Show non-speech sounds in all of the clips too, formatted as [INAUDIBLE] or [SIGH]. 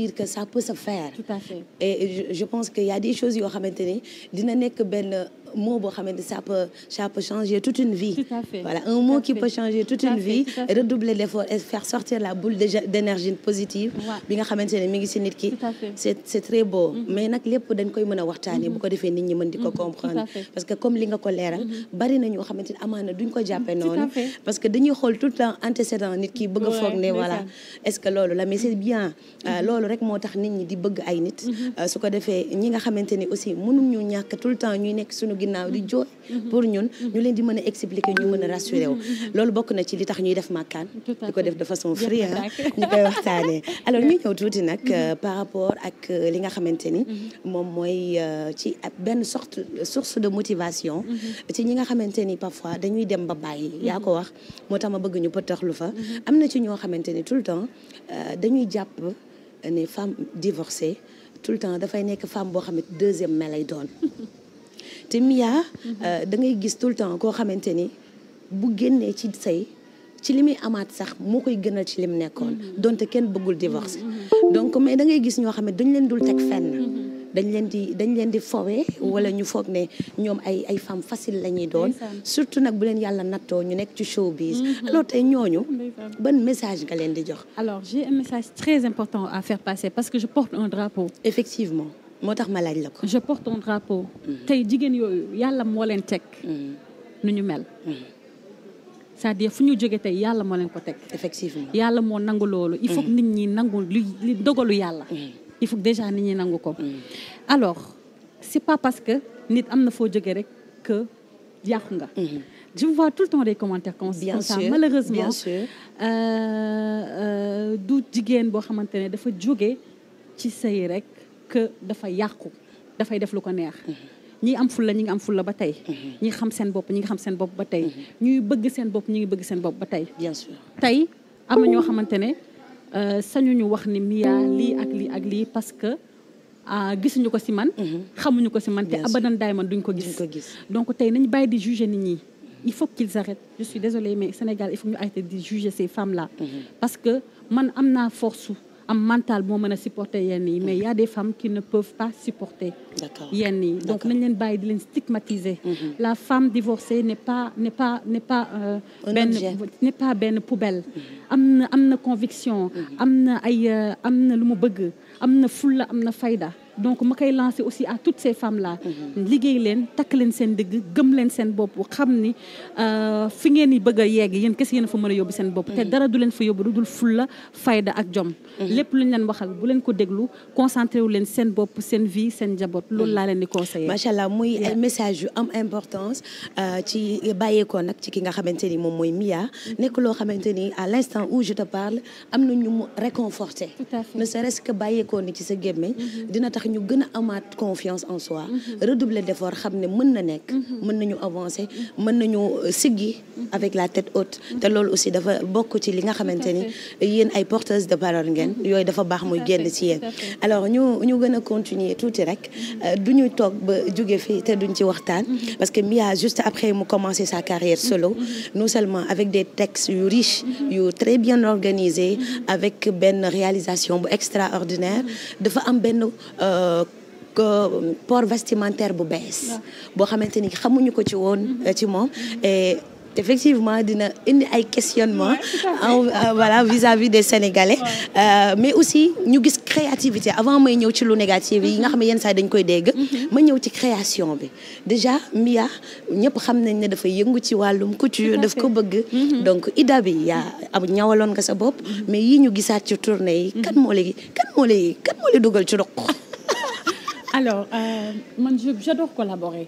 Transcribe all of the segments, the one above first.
dire que ça peut se faire. Tout à fait. et je pense que y a des choses yoo xamante ne dina nekk benn mot boo xamante ça changer toute une vie. Tout un mot qui peut changer toute une vie. et redoubler l'effort et faire sortir la boule d'énergie positive. bi nga xamante ne mi ngi ci nit ki. c'est très beau. Mm-hmm. mais nag lépp dañ koy mën a waxtaanee. Mm-hmm. bu ko defee nit ñi mën di ko mm-hmm. comprendre. parce que dañuy xool tout le temps antécédent nit ki bëgg foog ne voilà. est-ce que loolu la mais c'est bien. Euh, loolu rek moo tax nit ñi di bëgg ay nit. Euh, su ko defee ginnaaw li mm-hmm. jooy mm-hmm. pour ñun mm-hmm. ñu leen di mën a expliquer ñu mën a rassuré wu loolu bokk na ci li tax ñuy def màkkaan di ko def de façon free ah, ñu koy waxtaanee [LAUGHS] alors ñu ñëw tuuti nag euh, par rapport ak euh, li nga xamante ni moom mooy euh, ci benn sorte source de motivation ci ñi nga xamante ni parfois dañuy dem ba bàyyi yaa ko wax moo tax ma bëgg ñu pëtaxlu fa am na ci ñoo xamante ni tout le temps dañuy jàpp ne femme divorcée tout le temps dafay nekk femme boo xam ne deuxième me lay doon [LAUGHS] te Mia euh, da ngay gis tout le temps koo xamante ni bu génnee ci say ci li muy amaat sax moo koy gënal ci lim nekkoon mm-hmm. donte kenn bëggul divorce mm-hmm. donc mais da ngay gis ñoo xam ne dañ leen dul teg fenn mm-hmm. dañ leen di dañ leen di fowee wala ñu foog ne ñoom ay ay femme facile la ñuy doon surtout nag bu leen yàlla nattoo ñu nekk ci te alors tey ñooñu ban message nga leen di jox alors j'ai un message important à faire passer parce que je porte un drapeau effectivement moo tax ma laaj la ko. je porte tey jigéen yooyu yàlla moo leen teg. nu ñu mel. cest dire fu ñu jóge tey yàlla moo leen ko teg. effectivement yàlla moo nangu loolu. il faut nit ñi nangu li dogalu yàlla. Mm. il faut que déjà nit ñi nangu ko. Mm. alors c'est pas parce que nit am na foo jóge rek que yàqu nga. Mm-hmm. je vois tout le temps des commentaires comme ça sûr, malheureusement euh, euh, du jigéen boo xamante ne dafa jóge ci say rek. que dafa yàqu dafay def lu ko neex ñi am fulla ñi ngi am fulla ba tey ñi xam seen bopp ñi ngi xam seen bopp ba tey ñuy bëgg seen bopp ñu ngi bëgg seen bopp ba tey bien tey am na ñoo xamante ne euh, sañuñu wax ni Mia lii ak lii ak lii parce que ah, gisuñu ko si man mhm. xamuñu ko si man te abadan daay man duñ ko gis donc tey nañ bàyyi di juger nit ñi il faut qu'ils arrêtent je suis mais Sénégal il faut ñu arrêter di juger ces femmes là mhm. parce que man am naa force am mental moo mën a supporter yenn yi mais y a des femmes qui ne peuvent pas supporter yenn yi donc nañ leen bàyyi di leen stigmatiser mhm. la femme divorcée n'est pas n'est pas n'est pas euh, benn n'est pas benn poubelle mhm. am na am na conviction mhm. am na ay euh, am na lu mu bëgg am na fulla am na fayda donc ma koy lancer aussi à toutes ces femmes là. liggéey leen takk leen seen dëgg gëm leen seen bopp xam ni euh, fi ngeen di bëgg a yegg yéen kese yéen a fa mën a yóbbu seen bopp. te dara du leen fa yóbbu du dul fulla fayda ak jom. lépp lu ñu leen waxal bu leen ko déglu concentré wu leen seen bopp seen vie seen njaboot loolu laa leen di conseillé. macha allah muy message yu am importance euh, ci bàyyeekoo nag ci ki nga xamante ni moom mooy Mia nekk loo xamante ni à l' instant où je te am na ñu mu réconforté. tout à fait bàyyeekoo ni ci sa gémmiñ mm-hmm. ñu gën a amaat confiance en soi mm-hmm. Mm-hmm. redoubler d'effort xam ne mën na nekk mm-hmm. mën nañu avancer mën nañu euh, siggi avec la tête haute te loolu aussi dafa bokk ci li nga xamante ni yéen ay porteuses de parole ngeen yooyu dafa baax muy génn ci yéen alors ñu ñu gën a continuer tuuti rek euh, duñu toog ba jóge fii te duñ ci waxtaan parce que mi Mia juste après mu commencé sa carrière solo non seulement avec des textes yu riches yu très bien organisés avec benn réalisation bu extraordinaire dafa port vestimentaire bu bees boo xamante ni xamuñu ko ci woon mm-hmm. ci moom e effectivement dina indi ay questionnement euh, voilà vis-à-vis des Sénégalais euh, mais aussi ñu gis créativité avant may ñëw ci lu négatif yi nga mm-hmm. xam ne yenn saa dañ koy dégg mm-hmm. ma ñëw ci création bi déjà Mia ñëpp xam nañ ne dafa yëngu ci wàllum couture daf ko bëgg donc Ida bi yaa am ñawaloon nga sa bopp mais yi ñu gisaat ci tournée yi kan moo lay kan moo lay kan moo lay dugal ci roq alors euh, man euh, j'adore collaborer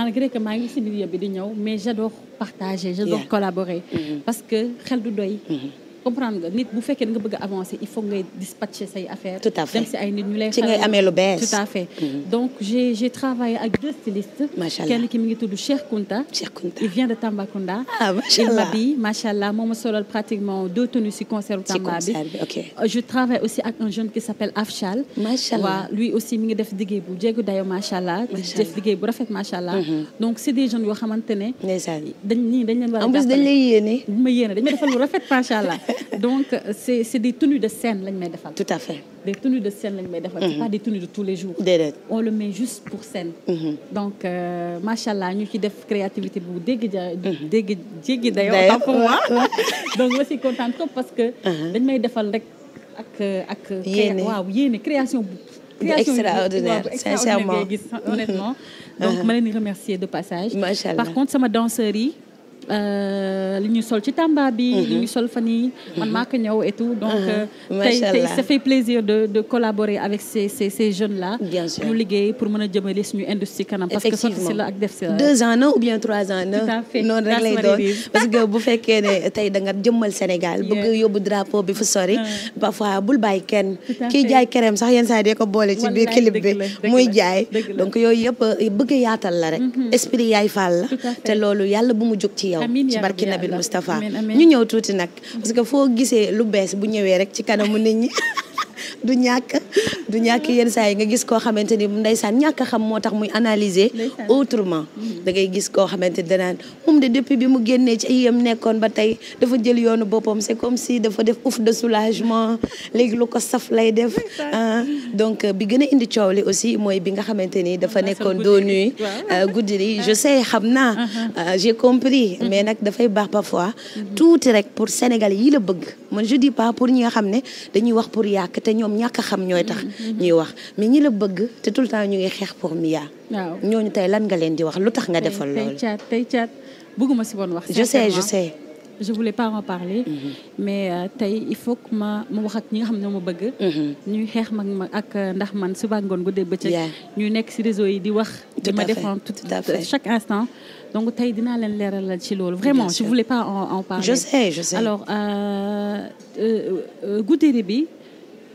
malgré que maa ngi si milieu bi di ñëw mais j'adore partager j'adore yeah. collaborer mm -hmm. parce que xel du doy mm-hmm. comprendre nga nit bu fekkee nga bëgg a avancer il faut ngay dispatcher say affaires. tout à fait dem si ay nit ñu lay. tout à mm-hmm. donc j'ai travaillé ak deux stylistes. macha allah kenn ki mi ngi tudd Cheikh Kounta. Cheikh Kounta vient de Tambacounda. ah macha allah il m'habille macha allah moo ma solal pratiquement deux tenues si concert Tamba bi. ok euh, je travaille aussi ak un jeune qui s'appelle Afchal. macha allah waaw lui aussi mi ngi def liggéey bu jéegu dayo macha allah. macha allah bu rafet macha allah. Mm-hmm. donc c'est des jeunes yoo xamante ne. ndeysaan dañ nii dañ leen war a. dañ lay dañ rafet macha allah [LAUGHS] [LAUGHS] donc euh, c'est des tenues de scène lañ may defal. tout à fait des tenues de scène lañ may defal. c'est mm-hmm. pas des tenues de tous les jours. déedéet on le met juste pour scène. Mm-hmm. donc euh, macha allah ñu ci def créativité bu dégg ja. Mm-hmm. dégg jéggi dayoo. dayoo [LAUGHS] donc ma si kontaan parce que. dañ may defal rek ak ak. yéene waaw yéene création bu. extraordinaire sincèrement création bu extraordinaire ngay gis honnêtement. donc ma leen di remercier de passage. macha allah par contre sama danseurs yi. Euh, li ñu sol ci Tamba bi. li mhm. ñu sol fan yii man mhm. maa ko ñëw et tout. donc mhm. euh, tey tey plaisir de de collaborer avec ces ces jeune la là. ñu liggéey pour mën a jëmale suñu industrie kanam. parce que sotti si la ak def si la deux ans na ou bien trois ans na. noonu rek doon parce que bu fekkee ne tey danga nga jëmmal Sénégal. [LAUGHS] bëgg yóbbu drapeau bi fu sori. [LAUGHS] parfois bul bàyyi kenn. ki jaay kerem sax yenn saa dee ko boole ci biir clip bi muy jaay donc yooyu yëpp euh, bëgg yaatal la rek. esprit yaay loolu yàlla bu mu jóg ci yow ci barki bi Moustapha ñu ñëw tuuti nag parce que foo gisee lu bees bu ñëwee rek ci kanamu nit ñi [LAUGHS] du ñàkk du ñàkk yenn saa yi nga gis koo xamante ni ndeysaan ñàkk xam moo tax muy analyser autrement mm-hmm. da ngay gis koo xamante danaan moom ne depuis bi mu génnee ci ay yam nekkoon ba tey dafa jël yoonu boppam c'est comme si dafa def ouf de soulagement léegi lu ko saf lay def ah, donc bi gën a indi coow li aussi mooy bi nga xamante ni dafa nekkoon doonu guddi li ah, je sais xam naa uh-huh. ah, j'ai compris mm-hmm. mais nag dafay baax parfois mm-hmm. tuuti rek pour Sénégal yi la bëgg man xam ne dañuy wax pour yàq xam xam ñooy tax ñuy wax mais ñi la bëgg te tout le temps ñu ngi xeex pour Mia waaw ñooñu tey lan nga leen di wax lu tax nga defal loolu tey caat tey caat bëgguma si woon wax je sais je sais je voulais pas en parler mhm. mais euh, tey il faut que ma ma wax ak ñi nga xam ne ma bëgg mhm. ñuy xeex mag ma ak euh, ndax man suba ngoon guddee bëccëg ñu nekk si réseau yi di wax di ma défendre tout chaque instant donc tey dinaa leen leeralal ci loolu vraiment je voulais pas en, en parler je alors euh, euh bi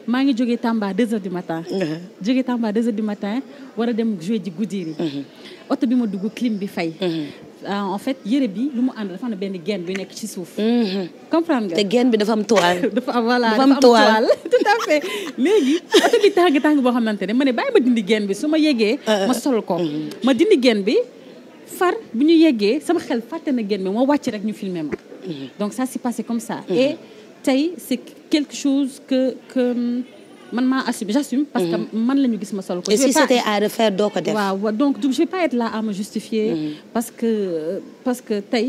maa ngi jógee Tamba 2h du matin. Uh-huh. jógee Tamba 2h du matin war a dem jouer ji Goudiri. Uh-huh. oto bi ma dugg clim bi fay. Uh-huh. Ah, en fait yëre bi lu mu ànd dafa am benn gen bi nekk ci suuf. comprendre nga. te genn bi dafa am toile. [LAUGHS] dafa am voilà dafa am toile [LAUGHS] tout à fait. léegi oto bi tàng tàng boo xamante ne ma ne bàyyi ma dindi gen bi su ma yéegee ma sol ko ma dindi gen bi. far bu ñu yeggee sama xel fàtte na genn bi ma wàcc rek ñu filmer ma. donc tey c'est quelque chose que que man maa assume j'assume parce que mhm. man la ñu gis ma sol ko et si à refaire doo ko def waaw donc je vais pas être là à me justifier mhm. parce que parce que tey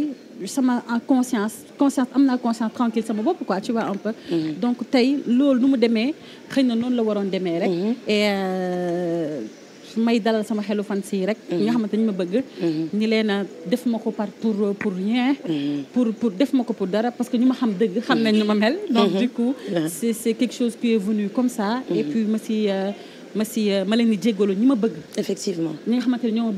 sama en conscience conscience am na conscience tranquille sama bopp quoi tu vois un peu mhm. donc tey loolu nu mu demee xëy na noonu la waroon demee rek euh, may dalal sama xelu fan si rek. ñi nga mm-hmm. xamante ni ma bëgg. Mm-hmm. ni leen a def ma ko par pour pour rien. Mm-hmm. pour pour def ma ko pour dara parce que ñu ma xam dëgg xam nañ ñu ma mel. donc du coup c'est c'est quelque chose qui est venu comme ça. et puis ma si euh, ma si euh, ma leen di jéggalu ñi ma bëgg. effectivement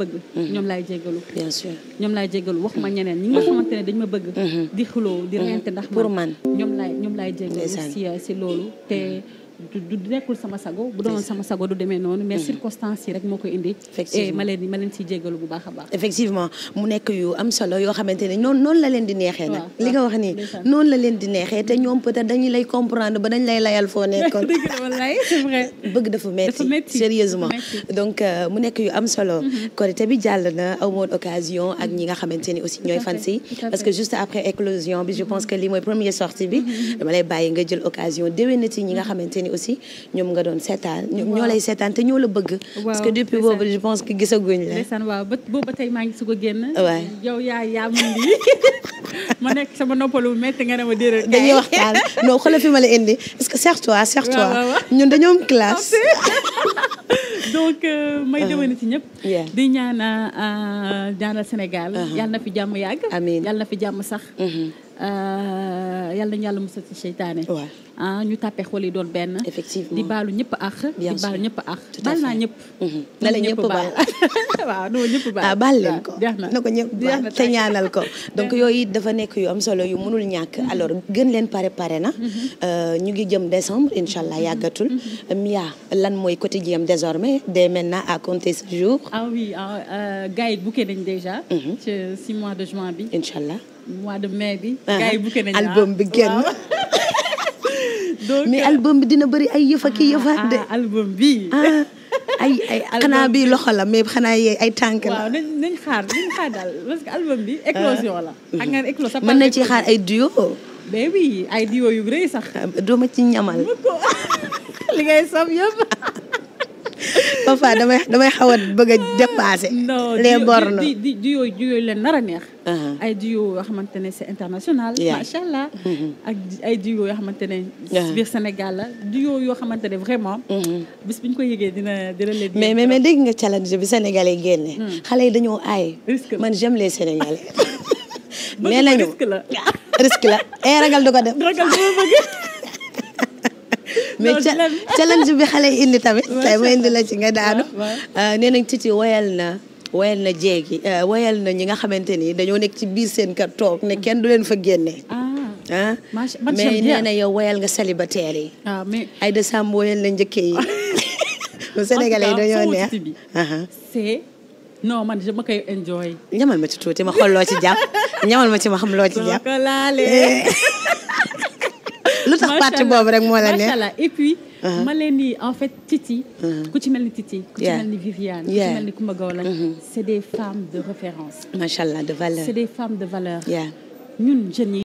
bëgg. ñoom laay jéggalu. bien sûr ñoom laay jéggalu wax ma ñeneen ñi nga xamante ne dañ ma bëgg. di xuloo di reyante ndax. pour man ñoom laay ñoom laay jéggalu si euh, si loolu te. du nekkul sama sago bu doonoon sama sago du demee noonu mais mm-hmm. circonstances yi rek moo ko indi et ma leen ma jéggalu bu baax a baax effectivement mu nekk yu am solo yoo xamante ne noonu la leen di neexee nag li nga wax nii noonu la leen di neexee te ñoom peut-être lay comprendre ba dañ lay layal foo [LAUGHS] nekkoon bëgg dafa metti sérieusement donc euh, mu nekk yu am solo mm-hmm. korité bi jàll na amoon occasion ak ñi nga xamante ni aussi ñooy fan si parce que aussi ñoom nga doon seetaan ñoo lay seetaan te ñoo la bëgg parce que depuis boobu je pense que gisaguñ la ndeysaan waaw ba boobu ba tey maa ngi sug a génn waaw yow yaa yaa lii [LAUGHS] ma nekk sama noppalu métti nga ne ma déedéet [LAUGHS] dañuy waxtaan non xoolal fi ma la indi parce que serre-toi serre-toi ñun dañoo am classe ah, [LAUGHS] donc euh, may euh, déwéne ci ñëpp di ñaana euh, ñaanal Sénégal uh-huh. yàlla na fi jàmm yàgg amiin yàlla na fi jàmm sax mm-hmm. Euh, yàlla nañu yàlla musal ci seytaane ah ñu tàppee xol yi doon benn. effectivement di baalu ñëpp àq. di baalu ñëpp àq. Mhm. baal naa ñëpp. [LAUGHS] na la ñëpp baal waaw ah, non ñëpp baal. leen ko na ko ñëpp baal te ñaanal ko. donc yooyu dafa nekk yu am solo yu mënul ñàkk. Mhm. alors gën leen pare pare na. Mhm. Euh, ñu ngi jëm décembre incha allah yàggatul. Euh, Mia lan mooy quotidien désormais dès maintenant à compter ce jour. ah oui ah, gars yi bouquet nañ déjà. ci mois de juin bi. incha allah. mois de mai bi. Ah, gars yi bukkee nañu album bi ah. génn. [LAUGHS] donc mais album bi dina bëri ay yëfa ki yëfaat de. Ah, album ay ay [LAUGHS] xanaa bi loxo la mais xanaa yee ay tànk la. waaw nañ xaar la. ak mën na ci xaar ay duo. mais oui ay duo yu sax. doo ma ci ñamal. [LAUGHS] li ngay saf parfois damay damay xaw a bëgg a di di yooyu di yooyu leen nar a neex. Uh-huh. yoo xamante ne c'est international. macha allah. Mm-hmm. ak yoo xamante ne. biir Sénégal la duo yoo xamante ne vraiment. Mm-hmm. bis bu ñu ko yëgee dina dina leen. mais mais mais dégg nga challenge bi Sénégalais yi génne. Mm. xale yi dañoo aay. man j'aime les Sénégalais. nee [LAUGHS] nañu la risque la. [LAUGHS] Eh, ragal du ko [LAUGHS] mais [LAUGHS] challenge bi xale yi indi tamit tey ma indi la ci nga daanu ah, euh, nee nañ Titi woyal na woyal na jeegi euh, woyal na ñi nga xamante ni dañoo nekk ci biir seen kër toog ne kenn du leen fa génne ah, ah. mais nee na yow woyal nga célibataire yi ay ah, de Samb woyal na njëkke yi bu [LAUGHS] Sénégalais yi dañoo neex uh-huh. c'est non man ma koy ñamal ma ci tuuti ma xool loo ci jàpp ñamal ma ci ma xam loo ci jàpp lu tax parti boobu rek moo la neex uh-huh. macha en fait Titi. Uh-huh. ku ci ni Titi. ku ci mel ni Viviane ku ci mel ni Coumba Gawlo. Uh-huh. est des femmes de référence. macha allah de valeur c' est femmes de valeur. ñun jeunes yi.